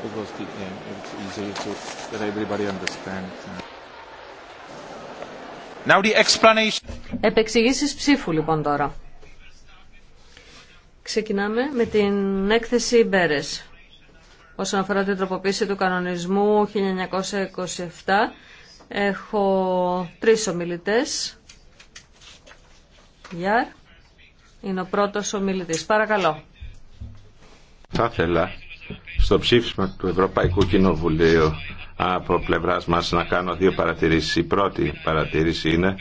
Επεξηγήσει eh, eh. Επεξηγήσεις ψήφου λοιπόν τώρα. Ξεκινάμε με την έκθεση Μπέρες όσον αφορά την τροποποίηση του κανονισμού 1927. Έχω τρεις ομιλητές. Γιάρ, είναι ο πρώτος ομιλητής. Παρακαλώ. Θα ήθελα στο ψήφισμα του Ευρωπαϊκού Κοινοβουλίου από πλευράς μας να κάνω δύο παρατηρήσεις. Η πρώτη παρατηρήση είναι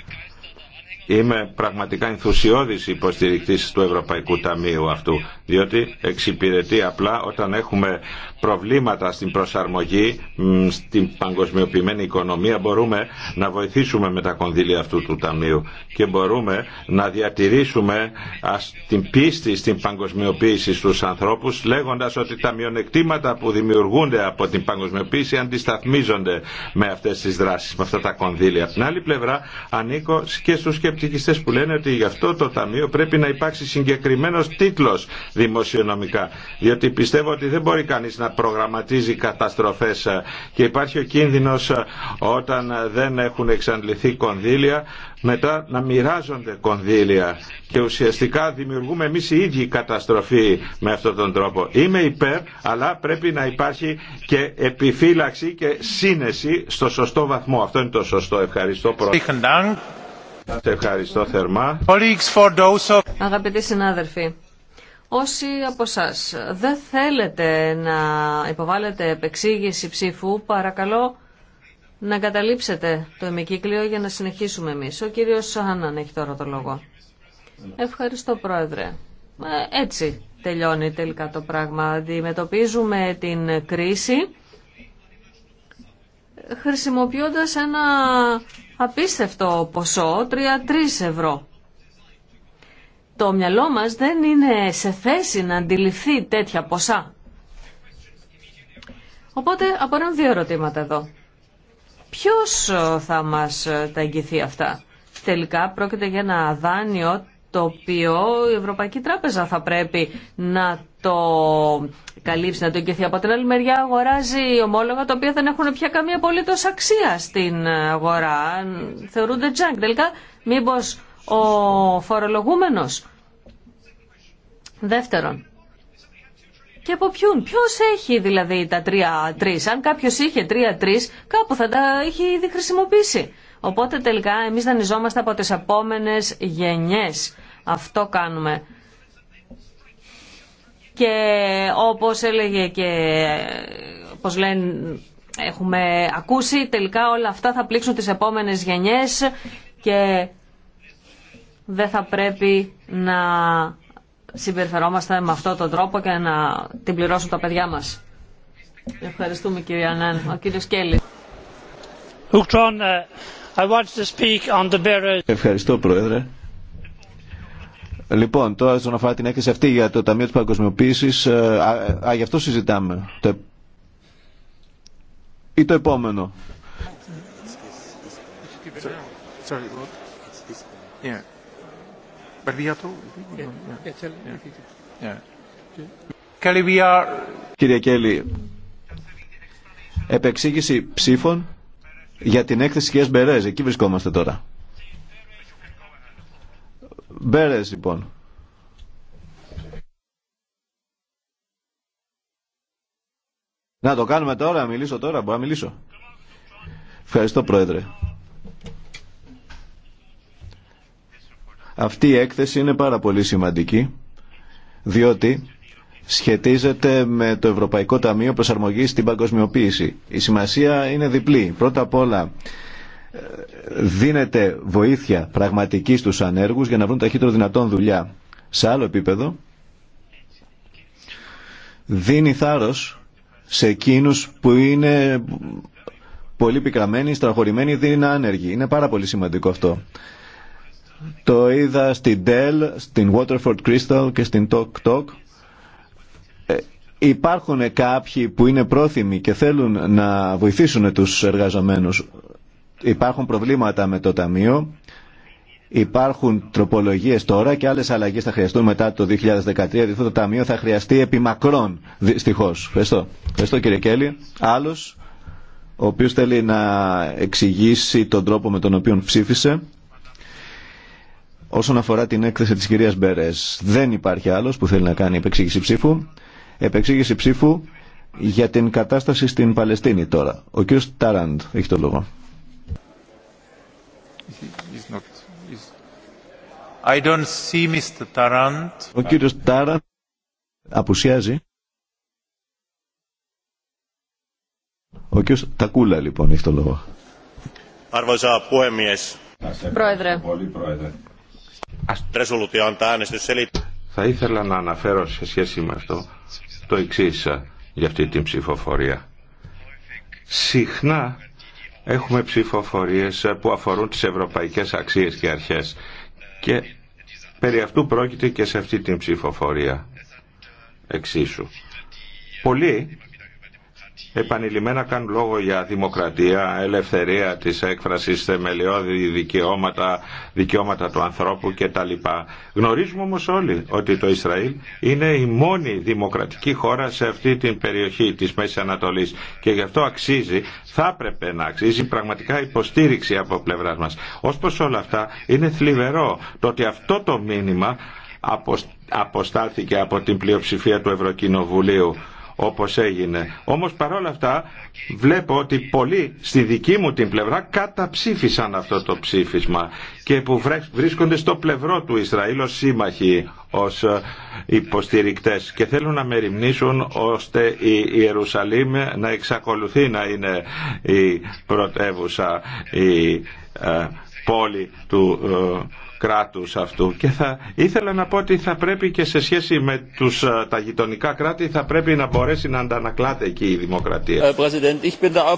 είμαι πραγματικά ενθουσιώδης υποστηρικτή του Ευρωπαϊκού Ταμείου αυτού, διότι εξυπηρετεί απλά όταν έχουμε προβλήματα στην προσαρμογή στην παγκοσμιοποιημένη οικονομία μπορούμε να βοηθήσουμε με τα κονδύλια αυτού του Ταμείου και μπορούμε να διατηρήσουμε την πίστη στην παγκοσμιοποίηση στους ανθρώπους λέγοντας ότι τα μειονεκτήματα που δημιουργούνται από την παγκοσμιοποίηση αντισταθμίζονται με αυτές τις δράσεις, με αυτά τα κονδύλια. Από την άλλη πλευρά ανήκω και στους σκεπτικιστές που λένε ότι γι' αυτό το Ταμείο πρέπει να υπάρξει συγκεκριμένος τίτλος δημοσιονομικά διότι πιστεύω ότι δεν μπορεί κανείς να να προγραμματίζει καταστροφές και υπάρχει ο κίνδυνος ε, όταν δεν έχουν εξαντληθεί κονδύλια μετά να μοιράζονται κονδύλια και ουσιαστικά δημιουργούμε εμείς οι ίδιοι καταστροφή με αυτόν τον τρόπο. Είμαι υπέρ, αλλά πρέπει να υπάρχει και επιφύλαξη και σύνεση στο σωστό βαθμό. Αυτό είναι το σωστό. Ευχαριστώ πρώτα. Ευχαριστώ θερμά. Αγαπητοί συνάδελφοι, Όσοι από εσά δεν θέλετε να υποβάλλετε επεξήγηση ψήφου, παρακαλώ να καταλήψετε το εμικύκλιο για να συνεχίσουμε εμεί. Ο κύριος Σάναν έχει τώρα το λόγο. Ευχαριστώ Πρόεδρε. Ε, έτσι τελειώνει τελικά το πράγμα. Αντιμετωπίζουμε την κρίση χρησιμοποιώντας ένα απίστευτο ποσό, 3-3 ευρώ το μυαλό μας δεν είναι σε θέση να αντιληφθεί τέτοια ποσά. Οπότε απορρέουν δύο ερωτήματα εδώ. Ποιος ε, θα μας ε, τα εγγυθεί αυτά. Τελικά πρόκειται για ένα δάνειο το οποίο η Ευρωπαϊκή Τράπεζα θα πρέπει να το καλύψει, να το εγγυθεί. Από την άλλη μεριά αγοράζει ομόλογα τα οποία δεν έχουν πια καμία απολύτως αξία στην ε, αγορά. Θεωρούνται junk. Τελικά μήπως ο φορολογούμενος. Δεύτερον, και από ποιον. Ποιος έχει δηλαδή τα τρία 3 Αν κάποιος ειχε τρία 3-3, κάπου θα τα είχε ήδη χρησιμοποιήσει. Οπότε τελικά εμεί δανειζόμαστε από τις επόμενες γενιές. Αυτό κάνουμε. Και όπως έλεγε και όπως λένε έχουμε ακούσει, τελικά όλα αυτά θα πλήξουν τις επόμενες γενιές και δεν θα πρέπει να συμπεριφερόμαστε με αυτόν τον τρόπο και να την πληρώσουν τα παιδιά μας. Ευχαριστούμε κύριε Ανάν. Ο κύριος Κέλλη. Ε, Ευχαριστώ Πρόεδρε. Λοιπόν, τώρα στον αφορά την έκθεση αυτή για το Ταμείο της Παγκοσμιοποίησης, ε, α, α, γι' αυτό συζητάμε. Το... Ή το επόμενο. Yeah. Κύριε Κέλλη, επεξήγηση ψήφων για την έκθεση κυρίας Μπερές. Εκεί βρισκόμαστε τώρα. Μπερές, λοιπόν. Να το κάνουμε τώρα, μιλήσω τώρα, μπορώ να μιλήσω. Ευχαριστώ, Πρόεδρε. Αυτή η έκθεση είναι πάρα πολύ σημαντική, διότι σχετίζεται με το Ευρωπαϊκό Ταμείο Προσαρμογής στην Παγκοσμιοποίηση. Η σημασία είναι διπλή. Πρώτα απ' όλα δίνεται βοήθεια πραγματική στους ανέργους για να βρουν ταχύτερο δυνατόν δουλειά. Σε άλλο επίπεδο δίνει θάρρος σε εκείνους που είναι πολύ πικραμένοι, στραχωρημένοι, δεν είναι άνεργοι. Είναι πάρα πολύ σημαντικό αυτό. Το είδα στην Dell, στην Waterford Crystal και στην Tok Tok. Ε, υπάρχουν κάποιοι που είναι πρόθυμοι και θέλουν να βοηθήσουν τους εργαζομένους. Υπάρχουν προβλήματα με το Ταμείο. Υπάρχουν τροπολογίες τώρα και άλλες αλλαγές θα χρειαστούν μετά το 2013, γιατί αυτό το Ταμείο θα χρειαστεί επιμακρών, δυστυχώς. Ευχαριστώ. Ευχαριστώ κύριε Κέλλη. Άλλος ο οποίος θέλει να εξηγήσει τον τρόπο με τον οποίο ψήφισε. Όσον αφορά την έκθεση της κυρίας Μπερές, δεν υπάρχει άλλος που θέλει να κάνει επεξήγηση ψήφου. Επεξήγηση ψήφου για την κατάσταση στην Παλαιστίνη τώρα. Ο κύριος Ταραντ έχει το λόγο. Ο κύριος Ταραντ απουσιάζει. Ο κύριος Τακούλα λοιπόν έχει το λόγο. πρόεδρε. Θα ήθελα να αναφέρω σε σχέση με αυτό το εξή ε, για αυτή την ψηφοφορία. Συχνά έχουμε ψηφοφορίες ε, που αφορούν τις ευρωπαϊκές αξίες και αρχές και περί αυτού πρόκειται και σε αυτή την ψηφοφορία εξίσου. Πολλοί επανειλημμένα κάνουν λόγο για δημοκρατία, ελευθερία της έκφρασης, θεμελιώδη δικαιώματα, δικαιώματα του ανθρώπου κτλ. Γνωρίζουμε όμως όλοι ότι το Ισραήλ είναι η μόνη δημοκρατική χώρα σε αυτή την περιοχή της Μέσης Ανατολής και γι' αυτό αξίζει, θα έπρεπε να αξίζει πραγματικά υποστήριξη από πλευρά μας. Ως προς όλα αυτά είναι θλιβερό το ότι αυτό το μήνυμα αποστάθηκε από την πλειοψηφία του Ευρωκοινοβουλίου όπως έγινε. Όμως παρόλα αυτά βλέπω ότι πολλοί στη δική μου την πλευρά καταψήφισαν αυτό το ψήφισμα και που βρίσκονται στο πλευρό του Ισραήλ ως σύμμαχοι, ως ε, υποστηρικτές και θέλουν να μεριμνήσουν ώστε η Ιερουσαλήμ να εξακολουθεί να είναι η πρωτεύουσα, η ε, πόλη του ε, κράτους αυτού και θα ήθελα να πω ότι θα πρέπει και σε σχέση με τους, ε, τα γειτονικά κράτη θα πρέπει να μπορέσει να αντανακλάται εκεί η δημοκρατία. Ε,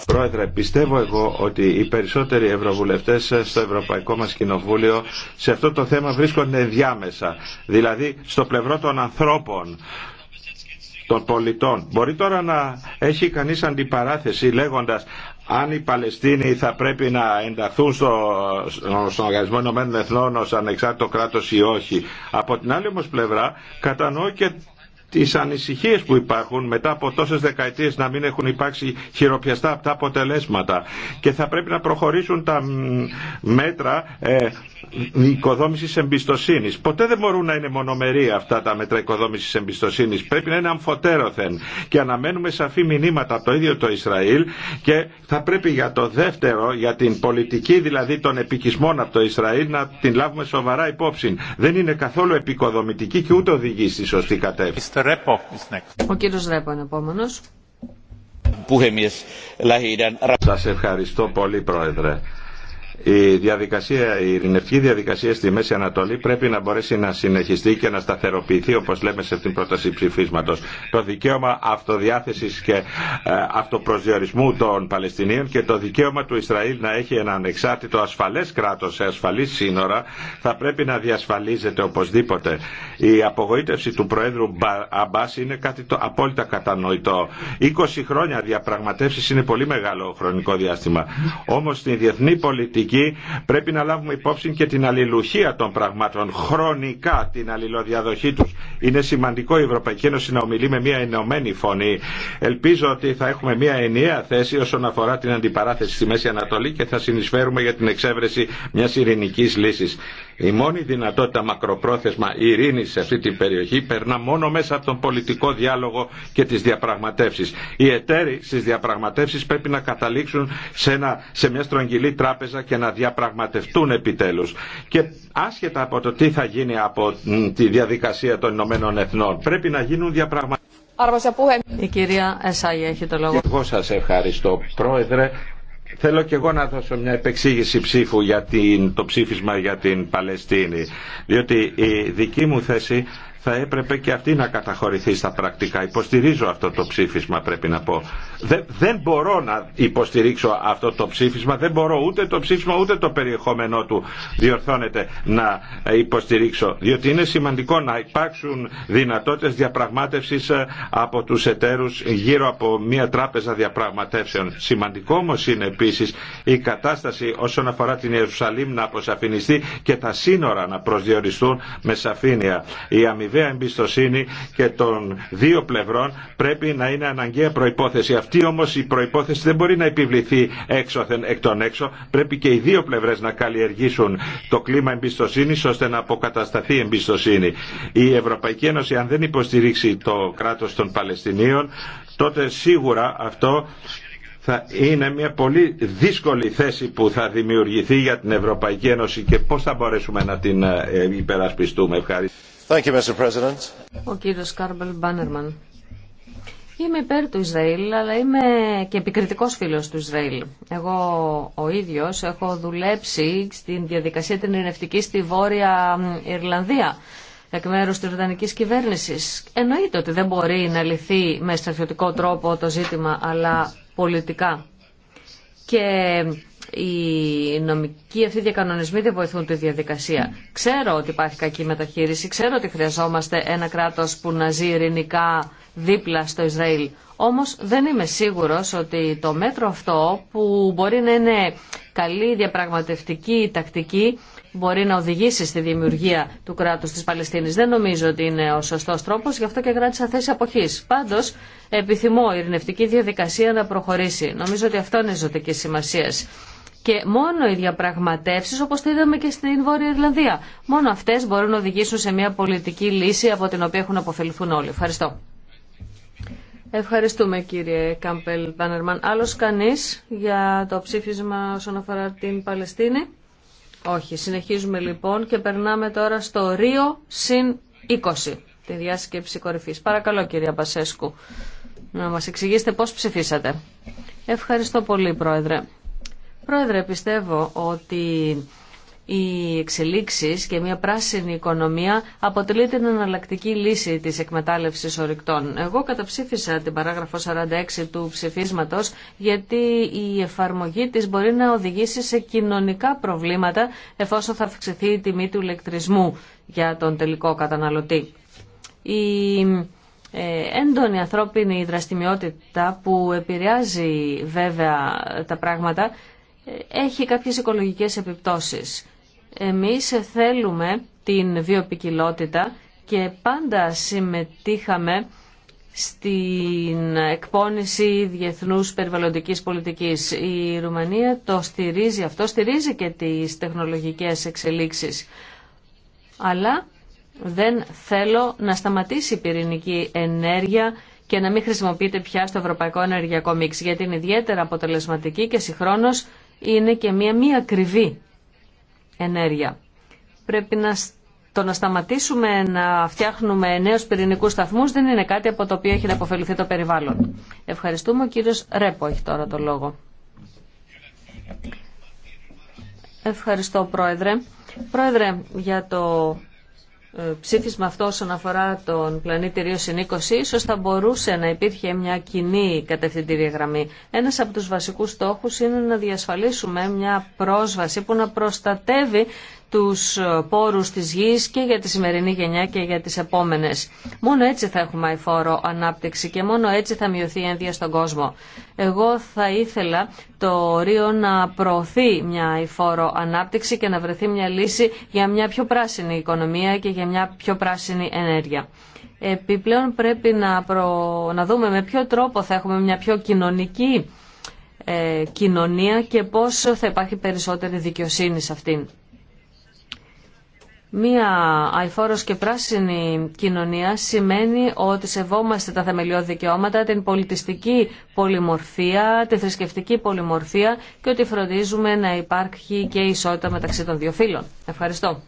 Πρόεδρε, πιστεύω εγώ ότι οι περισσότεροι ευρωβουλευτές ε, στο Ευρωπαϊκό μας Κοινοβούλιο σε αυτό το θέμα βρίσκονται διάμεσα, δηλαδή στο πλευρό των ανθρώπων των πολιτών. Μπορεί τώρα να έχει κανείς αντιπαράθεση λέγοντας αν οι Παλαιστίνοι θα πρέπει να ενταχθούν στο, στον Οργανισμό Ηνωμένων ως ανεξάρτητο κράτος ή όχι. Από την άλλη όμως πλευρά κατανοώ και τις ανησυχίες που υπάρχουν μετά από τόσες δεκαετίες να μην έχουν υπάρξει χειροπιαστά αυτά αποτελέσματα και θα πρέπει να προχωρήσουν τα μέτρα ε, οικοδόμησης εμπιστοσύνης. Ποτέ δεν μπορούν να είναι μονομερή αυτά τα μέτρα οικοδόμησης εμπιστοσύνης. Πρέπει να είναι αμφωτέρωθεν και αναμένουμε σαφή μηνύματα από το ίδιο το Ισραήλ και θα πρέπει για το δεύτερο, για την πολιτική δηλαδή των επικισμών από το Ισραήλ να την λάβουμε σοβαρά υπόψη. Δεν είναι καθόλου επικοδομητική και ούτε οδηγεί στη σωστή κατεύθυνση. Ο κύριος Ρέπο είναι επόμενος. Σας ευχαριστώ πολύ Πρόεδρε η διαδικασία, η ειρηνευτική διαδικασία στη Μέση Ανατολή πρέπει να μπορέσει να συνεχιστεί και να σταθεροποιηθεί όπως λέμε σε αυτήν την πρόταση ψηφίσματος. Το δικαίωμα αυτοδιάθεσης και ε, αυτοπροσδιορισμού των Παλαιστινίων και το δικαίωμα του Ισραήλ να έχει ένα ανεξάρτητο ασφαλές κράτος σε ασφαλή σύνορα θα πρέπει να διασφαλίζεται οπωσδήποτε. Η απογοήτευση του Προέδρου Αμπά είναι κάτι το απόλυτα κατανοητό. 20 χρόνια διαπραγματεύσεις είναι πολύ μεγάλο χρονικό διάστημα. Όμως στην διεθνή πολιτική πολιτική πρέπει να λάβουμε υπόψη και την αλληλουχία των πραγμάτων, χρονικά την αλληλοδιαδοχή τους. Είναι σημαντικό η Ευρωπαϊκή Ένωση να ομιλεί με μια ενωμένη φωνή. Ελπίζω ότι θα έχουμε μια ενιαία θέση όσον αφορά την αντιπαράθεση στη Μέση Ανατολή και θα συνεισφέρουμε για την εξέβρεση μια ειρηνική λύση. Η μόνη δυνατότητα μακροπρόθεσμα ειρήνη σε αυτή την περιοχή περνά μόνο μέσα από τον πολιτικό διάλογο και τι διαπραγματεύσει. Οι εταίροι στι διαπραγματεύσει πρέπει να καταλήξουν σε, ένα, σε μια στρογγυλή τράπεζα και να διαπραγματευτούν επιτέλους. Και άσχετα από το τι θα γίνει από τη διαδικασία των Ηνωμένων Εθνών, πρέπει να γίνουν διαπραγματεύσεις. Η κυρία Εσάγη έχει το λόγο. Εγώ σας ευχαριστώ, Πρόεδρε. Θέλω και εγώ να δώσω μια επεξήγηση ψήφου για την, το ψήφισμα για την Παλαιστίνη, διότι η δική μου θέση θα έπρεπε και αυτή να καταχωρηθεί στα πρακτικά. Υποστηρίζω αυτό το ψήφισμα πρέπει να πω. Δεν, μπορώ να υποστηρίξω αυτό το ψήφισμα, δεν μπορώ ούτε το ψήφισμα ούτε το περιεχόμενό του διορθώνεται να υποστηρίξω. Διότι είναι σημαντικό να υπάρξουν δυνατότητες διαπραγμάτευσης ε, από τους εταίρους γύρω από μια τράπεζα διαπραγματεύσεων. Σημαντικό όμω είναι επίσης η κατάσταση όσον αφορά την Ιερουσαλήμ να αποσαφινιστεί και τα σύνορα να προσδιοριστούν με σαφήνεια. Η ιδέα εμπιστοσύνη και των δύο πλευρών πρέπει να είναι αναγκαία προϋπόθεση. Αυτή όμως η προϋπόθεση δεν μπορεί να επιβληθεί έξωθεν εκ των έξω. Πρέπει και οι δύο πλευρές να καλλιεργήσουν το κλίμα εμπιστοσύνη ώστε να αποκατασταθεί η εμπιστοσύνη. Η Ευρωπαϊκή Ένωση αν δεν υποστηρίξει το κράτος των Παλαιστινίων τότε σίγουρα αυτό θα είναι μια πολύ δύσκολη θέση που θα δημιουργηθεί για την Ευρωπαϊκή Ένωση και πώς θα μπορέσουμε να την ε, υπερασπιστούμε. Ευχαριστώ. Mr. President. Ο Μπάνερμαν. Είμαι υπέρ του Ισραήλ, αλλά είμαι και επικριτικός φίλος του Ισραήλ. Εγώ ο ίδιος έχω δουλέψει στην διαδικασία την ειρηνευτική στη Βόρεια Ιρλανδία εκ μέρου τη Βρετανική κυβέρνηση. Εννοείται ότι δεν μπορεί να λυθεί με στρατιωτικό τρόπο το ζήτημα, αλλά πολιτικά. Και οι νομικοί αυτοί διακανονισμοί δεν βοηθούν τη διαδικασία. Ξέρω ότι υπάρχει κακή μεταχείριση, ξέρω ότι χρειαζόμαστε ένα κράτος που να ζει ειρηνικά δίπλα στο Ισραήλ. Όμως δεν είμαι σίγουρος ότι το μέτρο αυτό που μπορεί να είναι καλή διαπραγματευτική τακτική μπορεί να οδηγήσει στη δημιουργία του κράτους της Παλαιστίνης. Δεν νομίζω ότι είναι ο σωστός τρόπος, γι' αυτό και κράτησα θέση αποχής. Πάντως, επιθυμώ η ειρηνευτική διαδικασία να προχωρήσει. Νομίζω ότι αυτό είναι ζωτική σημασία. Και μόνο οι διαπραγματεύσει, όπω το είδαμε και στην Βόρεια Ιρλανδία, μόνο αυτέ μπορούν να οδηγήσουν σε μια πολιτική λύση από την οποία έχουν αποφεληθούν όλοι. Ευχαριστώ. Ευχαριστούμε κύριε Κάμπελ Πάνερμαν. Άλλο κανεί για το ψήφισμα όσον αφορά την Παλαιστίνη. Όχι. Συνεχίζουμε λοιπόν και περνάμε τώρα στο Ρίο συν 20, τη διάσκεψη κορυφή. Παρακαλώ κύριε Πασέσκου να μας εξηγήσετε πώ ψηφίσατε. Ευχαριστώ πολύ πρόεδρε. Πρόεδρε, πιστεύω ότι οι εξελίξεις και μια πράσινη οικονομία αποτελεί την εναλλακτική λύση της εκμετάλλευσης ορυκτών. Εγώ καταψήφισα την παράγραφο 46 του ψηφίσματος γιατί η εφαρμογή της μπορεί να οδηγήσει σε κοινωνικά προβλήματα εφόσον θα αυξηθεί η τιμή του ηλεκτρισμού για τον τελικό καταναλωτή. Η ε, έντονη ανθρώπινη δραστηριότητα που επηρεάζει βέβαια τα πράγματα έχει κάποιες οικολογικές επιπτώσεις. Εμείς θέλουμε την βιοπικιλότητα και πάντα συμμετείχαμε στην εκπόνηση διεθνούς περιβαλλοντικής πολιτικής. Η Ρουμανία το στηρίζει αυτό, στηρίζει και τις τεχνολογικές εξελίξεις. Αλλά δεν θέλω να σταματήσει η πυρηνική ενέργεια και να μην χρησιμοποιείται πια στο ευρωπαϊκό ενεργειακό μίξ, γιατί είναι ιδιαίτερα αποτελεσματική και συγχρόνως είναι και μία μη ακριβή ενέργεια. Πρέπει να, το να σταματήσουμε να φτιάχνουμε νέους πυρηνικούς σταθμούς δεν είναι κάτι από το οποίο έχει να αποφεληθεί το περιβάλλον. Ευχαριστούμε. Ο κύριος Ρέπο έχει τώρα το λόγο. Ευχαριστώ, Πρόεδρε. Πρόεδρε, για το ε, ψήφισμα αυτό όσον αφορά τον πλανήτη Ρίο Συνήκωση, ίσω θα μπορούσε να υπήρχε μια κοινή κατευθυντήρια γραμμή. Ένα από τους βασικού στόχου είναι να διασφαλίσουμε μια πρόσβαση που να προστατεύει τους πόρους της γης και για τη σημερινή γενιά και για τις επόμενες. Μόνο έτσι θα έχουμε αηφόρο ανάπτυξη και μόνο έτσι θα μειωθεί η ένδυα στον κόσμο. Εγώ θα ήθελα το ΡΙΟ να προωθεί μια αηφόρο ανάπτυξη και να βρεθεί μια λύση για μια πιο πράσινη οικονομία και για μια πιο πράσινη ενέργεια. Επιπλέον πρέπει να, να δούμε με ποιο τρόπο θα έχουμε μια πιο κοινωνική ε, κοινωνία και πόσο θα υπάρχει περισσότερη δικαιοσύνη σε αυτήν. Μία αηφόρος και πράσινη κοινωνία σημαίνει ότι σεβόμαστε τα θεμελιώδη δικαιώματα, την πολιτιστική πολυμορφία, τη θρησκευτική πολυμορφία και ότι φροντίζουμε να υπάρχει και ισότητα μεταξύ των δύο φύλων. Ευχαριστώ.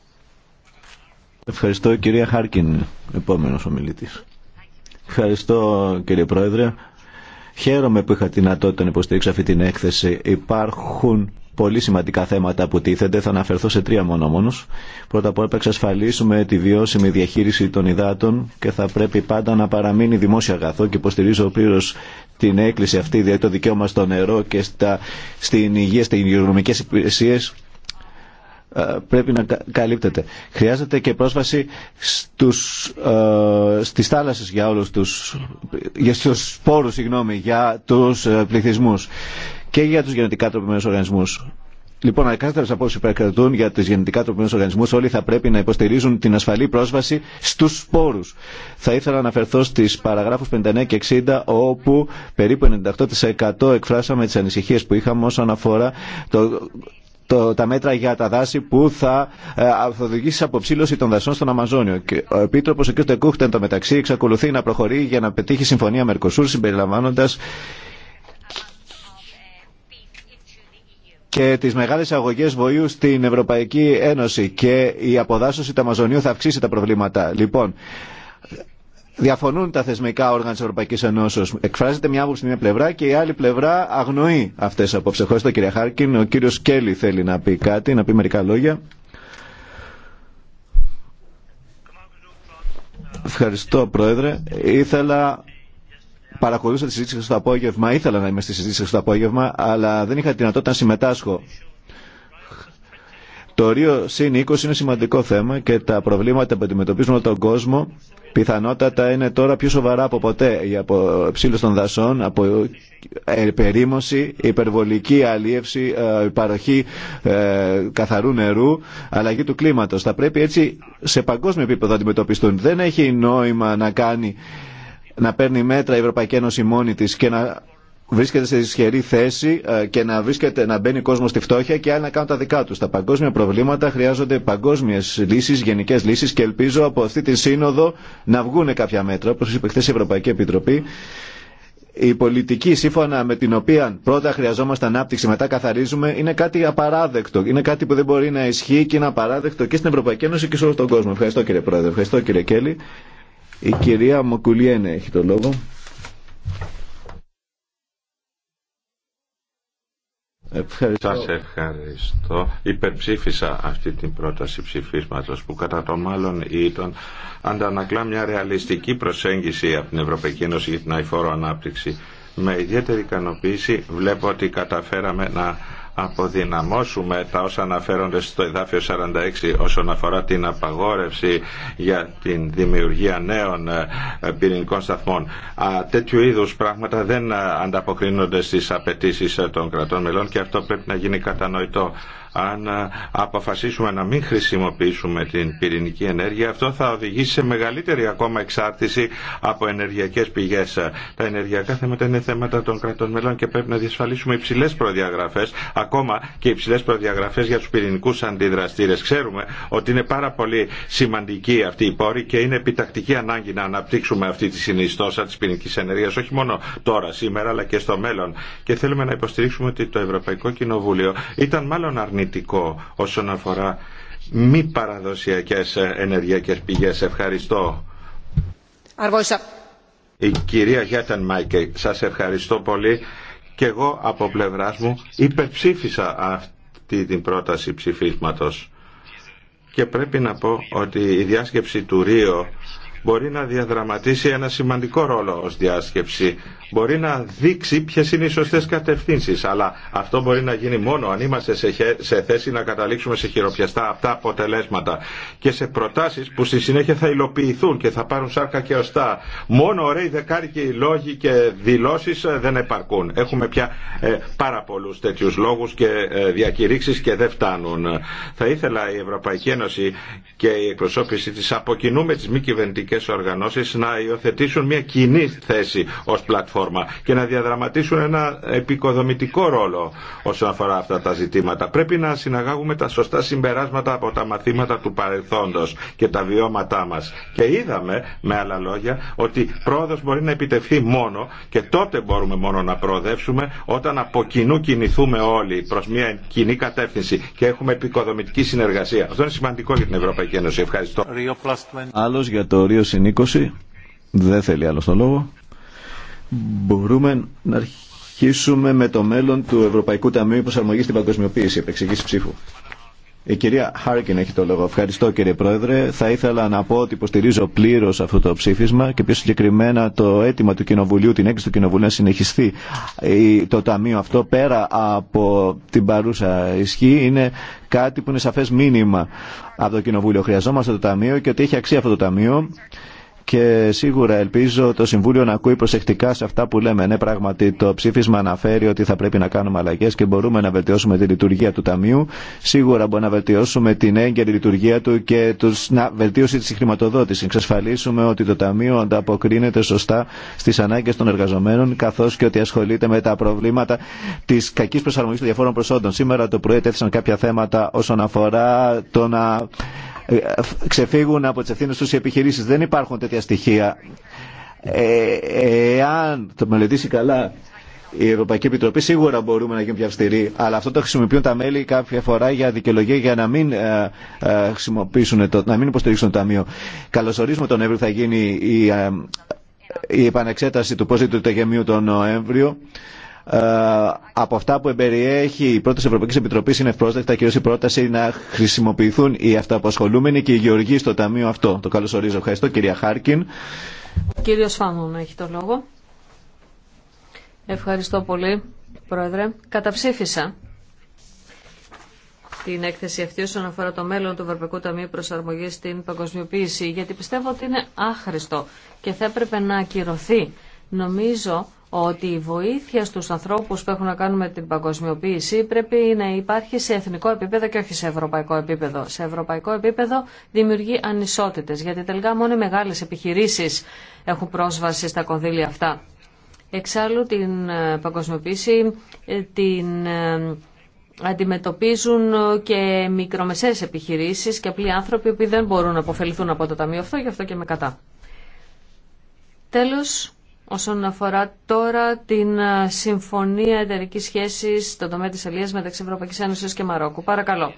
Ευχαριστώ κυρία Χάρκιν, επόμενος ομιλητής. Ευχαριστώ κύριε Πρόεδρε. Χαίρομαι που είχα τη δυνατότητα να υποστηρίξω αυτή την έκθεση. Υπάρχουν πολύ σημαντικά θέματα που τίθενται. Θα αναφερθώ σε τρία μόνο μόνος. Πρώτα απ' όλα θα εξασφαλίσουμε τη βιώσιμη διαχείριση των υδάτων και θα πρέπει πάντα να παραμείνει δημόσια αγαθό και υποστηρίζω πλήρω την έκκληση αυτή, για δηλαδή το δικαίωμα στο νερό και στα, στην υγεία, στις υγειονομικές υπηρεσίε ε, πρέπει να καλύπτεται. Χρειάζεται και πρόσβαση στους, ε, στις θάλασσες για όλους τους, για στους πόρους, συγγνώμη, για τους ε, πληθυσμούς και για του γενετικά τροπημένου οργανισμού. Λοιπόν, ακάθαρε από όσου υπερκρατούν για του γενετικά τροπημένου οργανισμού, όλοι θα πρέπει να υποστηρίζουν την ασφαλή πρόσβαση στου σπόρου. Θα ήθελα να αναφερθώ στι παραγράφου 59 και 60, όπου περίπου 98% εκφράσαμε τι ανησυχίε που είχαμε όσον αφορά το, το, τα μέτρα για τα δάση που θα, ε, θα οδηγήσει σε αποψήλωση των δασών στον Αμαζόνιο. Και ο Επίτροπο, ο κ. Τεκούχτεν, το μεταξύ, εξακολουθεί να προχωρεί για να πετύχει συμφωνία Μερκοσούρ, συμπεριλαμβάνοντα και τις μεγάλες αγωγέ βοηθού στην Ευρωπαϊκή Ένωση και η αποδάσωση του Αμαζονίου θα αυξήσει τα προβλήματα. Λοιπόν, διαφωνούν τα θεσμικά όργανα τη Ευρωπαϊκής Ένωσης. Εκφράζεται μια άποψη μια πλευρά και η άλλη πλευρά αγνοεί αυτές τις απόψεις. Ευχαριστώ κύριε Χάρκιν. Ο κύριος Κέλλη θέλει να πει κάτι, να πει μερικά λόγια. Ευχαριστώ Πρόεδρε. Ήθελα παρακολούσα τη συζήτηση στο απόγευμα, ήθελα να είμαι στη συζήτηση στο απόγευμα, αλλά δεν είχα τη δυνατότητα να συμμετάσχω. Το Ρίο ΣΥΝ 20 είναι σημαντικό θέμα και τα προβλήματα που αντιμετωπίζουμε τον κόσμο πιθανότατα είναι τώρα πιο σοβαρά από ποτέ. Η αποψήλωση των δασών, από ε, περίμωση, υπερβολική αλίευση, ε, παροχή ε, καθαρού νερού, αλλαγή του κλίματος. Θα πρέπει έτσι σε παγκόσμιο επίπεδο να αντιμετωπιστούν. Δεν έχει νόημα να κάνει να παίρνει μέτρα η Ευρωπαϊκή Ένωση μόνη της και να βρίσκεται σε ισχυρή θέση ε, και να, βρίσκεται, να μπαίνει κόσμο στη φτώχεια και άλλοι να κάνουν τα δικά του. Τα παγκόσμια προβλήματα χρειάζονται παγκόσμιε λύσει, γενικέ λύσει και ελπίζω από αυτή τη σύνοδο να βγουν κάποια μέτρα. Όπω είπε χθε η Ευρωπαϊκή Επιτροπή, η πολιτική σύμφωνα με την οποία πρώτα χρειαζόμαστε ανάπτυξη, μετά καθαρίζουμε, είναι κάτι απαράδεκτο. Είναι κάτι που δεν μπορεί να ισχύει και είναι απαράδεκτο και στην Ευρωπαϊκή Ένωση και σε όλο τον κόσμο. Ευχαριστώ κύριε Πρόεδρε. Ευχαριστώ κύριε Κέλλη. Η κυρία Μοκουλιένε έχει το λόγο. Ευχαριστώ. Σας ευχαριστώ. Υπερψήφισα αυτή την πρόταση ψηφίσματος που κατά το μάλλον ήταν αντανακλά μια ρεαλιστική προσέγγιση από την Ευρωπαϊκή Ένωση για την αηφόρο ανάπτυξη. Με ιδιαίτερη ικανοποίηση βλέπω ότι καταφέραμε να αποδυναμώσουμε τα όσα αναφέρονται στο εδάφιο 46 όσον αφορά την απαγόρευση για την δημιουργία νέων ε, πυρηνικών σταθμών. Τέτοιου είδους πράγματα δεν ε, ανταποκρίνονται στις απαιτήσει ε, των κρατών μελών και αυτό πρέπει να γίνει κατανοητό αν αποφασίσουμε να μην χρησιμοποιήσουμε την πυρηνική ενέργεια, αυτό θα οδηγήσει σε μεγαλύτερη ακόμα εξάρτηση από ενεργειακές πηγές. Τα ενεργειακά θέματα είναι θέματα των κρατών μελών και πρέπει να διασφαλίσουμε υψηλέ προδιαγραφέ, ακόμα και υψηλέ προδιαγραφέ για του πυρηνικού αντιδραστήρε. Ξέρουμε ότι είναι πάρα πολύ σημαντική αυτή η πόρη και είναι επιτακτική ανάγκη να αναπτύξουμε αυτή τη συνιστόσα τη πυρηνική ενέργεια, όχι μόνο τώρα, σήμερα, αλλά και στο μέλλον. Και θέλουμε να υποστηρίξουμε ότι το Ευρωπαϊκό Κοινοβούλιο ήταν μάλλον αρνητικό όσον αφορά μη παραδοσιακές ενεργειακές πηγές. Ευχαριστώ. Η κυρία Γιάτεν Μάικε, σας ευχαριστώ πολύ και εγώ από πλευράς μου υπερψήφισα αυτή την πρόταση ψηφίσματος και πρέπει να πω ότι η διάσκεψη του Ρίο μπορεί να διαδραματίσει ένα σημαντικό ρόλο ως διάσκεψη. Μπορεί να δείξει ποιες είναι οι σωστές κατευθύνσεις, αλλά αυτό μπορεί να γίνει μόνο αν είμαστε σε θέση να καταλήξουμε σε χειροπιαστά αυτά αποτελέσματα και σε προτάσεις που στη συνέχεια θα υλοποιηθούν και θα πάρουν σάρκα και οστά. Μόνο ωραίοι δεκάρικοι λόγοι και δηλώσεις ε, δεν επαρκούν. Έχουμε πια ε, πάρα πολλούς τέτοιους λόγους και ε, διακηρύξεις και δεν φτάνουν. Θα ήθελα η Ευρωπαϊκή Ένωση και η εκπροσώπηση της από μη σε οργανώσεις να υιοθετήσουν μια κοινή θέση ως πλατφόρμα και να διαδραματίσουν ένα επικοδομητικό ρόλο όσον αφορά αυτά τα ζητήματα. Πρέπει να συναγάγουμε τα σωστά συμπεράσματα από τα μαθήματα του παρελθόντος και τα βιώματά μας. Και είδαμε, με άλλα λόγια, ότι πρόοδος μπορεί να επιτευχθεί μόνο και τότε μπορούμε μόνο να προοδεύσουμε όταν από κοινού κινηθούμε όλοι προς μια κοινή κατεύθυνση και έχουμε επικοδομητική συνεργασία. Αυτό είναι σημαντικό για την Ευρωπαϊκή Ένωση. Ευχαριστώ. Άλλος για το Συνήκωση δεν θέλει άλλο το λόγο. Μπορούμε να αρχίσουμε με το μέλλον του Ευρωπαϊκού Ταμείου Προσαρμογής στην Παγκοσμιοποίηση, επεξηγήσει ψήφου. Η κυρία Χάρκιν έχει το λόγο. Ευχαριστώ κύριε Πρόεδρε. Θα ήθελα να πω ότι υποστηρίζω πλήρω αυτό το ψήφισμα και πιο συγκεκριμένα το αίτημα του Κοινοβουλίου, την έγκριση του Κοινοβουλίου να συνεχιστεί το Ταμείο αυτό πέρα από την παρούσα ισχύ είναι κάτι που είναι σαφέ μήνυμα από το Κοινοβούλιο. Χρειαζόμαστε το Ταμείο και ότι έχει αξία αυτό το Ταμείο και σίγουρα ελπίζω το Συμβούλιο να ακούει προσεκτικά σε αυτά που λέμε. Ναι, πράγματι το ψήφισμα αναφέρει ότι θα πρέπει να κάνουμε αλλαγέ και μπορούμε να βελτιώσουμε τη λειτουργία του Ταμείου. Σίγουρα μπορούμε να βελτιώσουμε την έγκαιρη λειτουργία του και τους, να βελτίωση τη χρηματοδότηση. Εξασφαλίσουμε ότι το Ταμείο ανταποκρίνεται σωστά στι ανάγκε των εργαζομένων καθώ και ότι ασχολείται με τα προβλήματα τη κακή προσαρμογή των διαφόρων προσόντων. Σήμερα το πρωί κάποια θέματα όσον αφορά το να ε, ξεφύγουν από τι ευθύνε τους οι επιχειρήσεις. Δεν υπάρχουν τέτοια στοιχεία. Ε, εάν το μελετήσει καλά η Ευρωπαϊκή Επιτροπή, σίγουρα μπορούμε να γίνουμε πιο αυστηροί, αλλά αυτό το χρησιμοποιούν τα μέλη κάποια φορά για δικαιολογία για να μην, ε, ε, χρησιμοποιήσουν το, να μην υποστηρίξουν το Ταμείο. Καλωσορίζουμε τον Εύρο, θα γίνει η, η επανεξέταση του πώς το τεγεμίου τον Νοέμβριο. Ε, από αυτά που εμπεριέχει η πρόταση Ευρωπαϊκή Επιτροπή είναι ευπρόσδεκτα, και η πρόταση να χρησιμοποιηθούν οι αυτοαπασχολούμενοι και οι γεωργοί στο ταμείο αυτό. Το καλωσορίζω. Ευχαριστώ, κυρία Χάρκιν. Κύριο Φάμον, έχει το λόγο. Ευχαριστώ πολύ, Πρόεδρε. Καταψήφισα την έκθεση αυτή όσον αφορά το μέλλον του Ευρωπαϊκού Ταμείου Προσαρμογή στην Παγκοσμιοποίηση, γιατί πιστεύω ότι είναι άχρηστο και θα έπρεπε να ακυρωθεί. Νομίζω ότι η βοήθεια στους ανθρώπους που έχουν να κάνουν με την παγκοσμιοποίηση πρέπει να υπάρχει σε εθνικό επίπεδο και όχι σε ευρωπαϊκό επίπεδο. Σε ευρωπαϊκό επίπεδο δημιουργεί ανισότητες, γιατί τελικά μόνο οι μεγάλες επιχειρήσεις έχουν πρόσβαση στα κονδύλια αυτά. Εξάλλου την ε, παγκοσμιοποίηση ε, την ε, αντιμετωπίζουν και μικρομεσαίες επιχειρήσεις και απλοί άνθρωποι που δεν μπορούν να αποφεληθούν από το ταμείο αυτό, γι' αυτό και με κατά. Τέλος, όσον αφορά τώρα την ε, συμφωνία εταιρική σχέση στον τομέα τη Αλία μεταξύ Ευρωπαϊκή Ένωση και Μαρόκου. Παρακαλώ.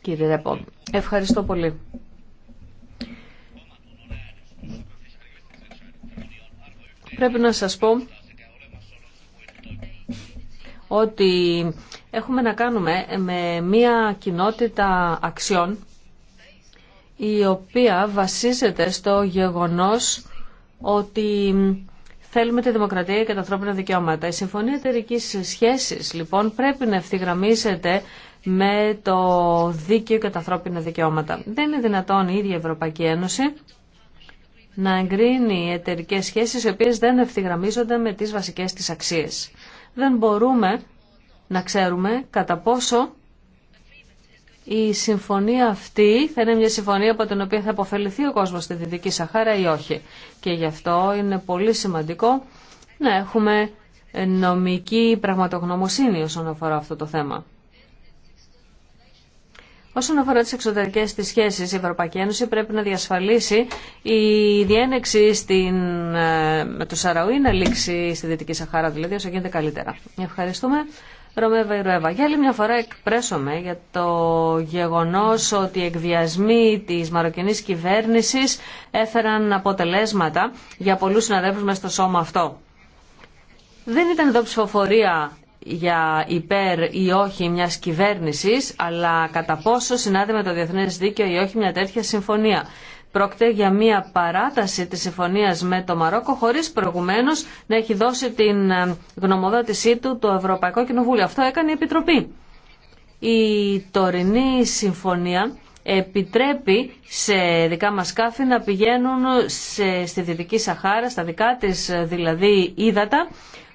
Κύριε Ρεπό, ευχαριστώ πολύ. Πρέπει να σας πω ότι έχουμε να κάνουμε με μια κοινότητα αξιών η οποία βασίζεται στο γεγονός ότι θέλουμε τη δημοκρατία και τα ανθρώπινα δικαιώματα. Η Συμφωνία εταιρική σχέση, λοιπόν, πρέπει να ευθυγραμμίζεται με το δίκαιο και τα ανθρώπινα δικαιώματα. Δεν είναι δυνατόν η ίδια η Ευρωπαϊκή Ένωση να εγκρίνει εταιρικέ σχέσεις οι οποίε δεν ευθυγραμμίζονται με τις βασικές της αξίες. Δεν μπορούμε να ξέρουμε κατά πόσο η συμφωνία αυτή θα είναι μια συμφωνία από την οποία θα αποφεληθεί ο κόσμος στη Δυτική Σαχάρα ή όχι. Και γι' αυτό είναι πολύ σημαντικό να έχουμε νομική πραγματογνωμοσύνη όσον αφορά αυτό το θέμα. Όσον αφορά τις εξωτερικές της σχέσεις, η Ευρωπαϊκή Ένωση πρέπει να διασφαλίσει η διένεξη στην, ε, με το Σαραούι να λήξει στη Δυτική Σαχάρα, δηλαδή όσο γίνεται καλύτερα. Ευχαριστούμε. Ρωμέβα Ιρουέβα. Για άλλη μια φορά εκπρέσωμαι για το γεγονός ότι οι εκβιασμοί της μαροκινής κυβέρνησης έφεραν αποτελέσματα για πολλούς συναδέλφους μες στο σώμα αυτό. Δεν ήταν εδώ ψηφοφορία για υπέρ ή όχι μιας κυβέρνησης, αλλά κατά πόσο συνάδει με το διεθνές δίκαιο ή όχι μια τέτοια συμφωνία. Πρόκειται για μια παράταση της συμφωνίας με το Μαρόκο χωρίς προηγουμένως να έχει δώσει την ε, γνωμοδότησή του το Ευρωπαϊκό Κοινοβούλιο. Αυτό έκανε η Επιτροπή. Η τωρινή συμφωνία επιτρέπει σε δικά μας σκάφη να πηγαίνουν στη Δυτική Σαχάρα, στα δικά της ε, δηλαδή ύδατα,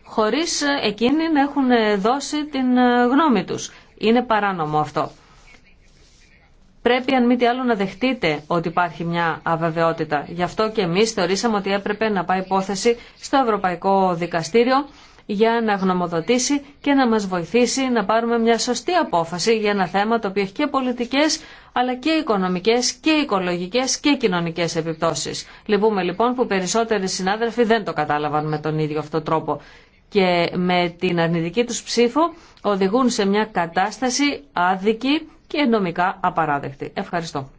χωρίς ε, εκείνοι να έχουν δώσει την γνώμη τους. Είναι παράνομο αυτό πρέπει αν μη τι άλλο να δεχτείτε ότι υπάρχει μια αβεβαιότητα. Γι' αυτό και εμείς θεωρήσαμε ότι έπρεπε να πάει υπόθεση στο Ευρωπαϊκό Δικαστήριο για να γνωμοδοτήσει και να μας βοηθήσει να πάρουμε μια σωστή απόφαση για ένα θέμα το οποίο έχει και πολιτικές αλλά και οικονομικές και οικολογικές και κοινωνικές επιπτώσεις. Λυπούμε λοιπόν που περισσότεροι συνάδελφοι δεν το κατάλαβαν με τον ίδιο αυτό τρόπο και με την αρνητική τους ψήφο οδηγούν σε μια κατάσταση άδικη και νομικά απαράδεκτη. Ευχαριστώ.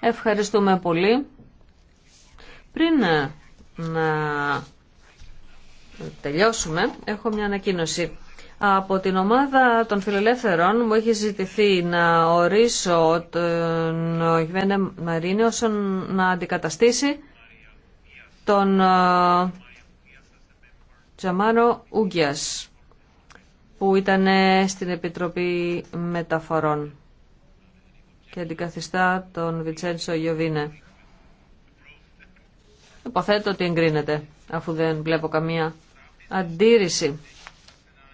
Ευχαριστούμε πολύ. Πριν να τελειώσουμε, έχω μια ανακοίνωση. Από την ομάδα των φιλελεύθερων μου έχει ζητηθεί να ορίσω τον Γιβένε Μαρίνη όσον να αντικαταστήσει τον ε, Τζαμάρο Ούγκιας που ήταν στην Επιτροπή Μεταφορών και αντικαθιστά τον Βιτσέντσο Γιοβίνε. Υποθέτω ότι εγκρίνεται, αφού δεν βλέπω καμία αντίρρηση.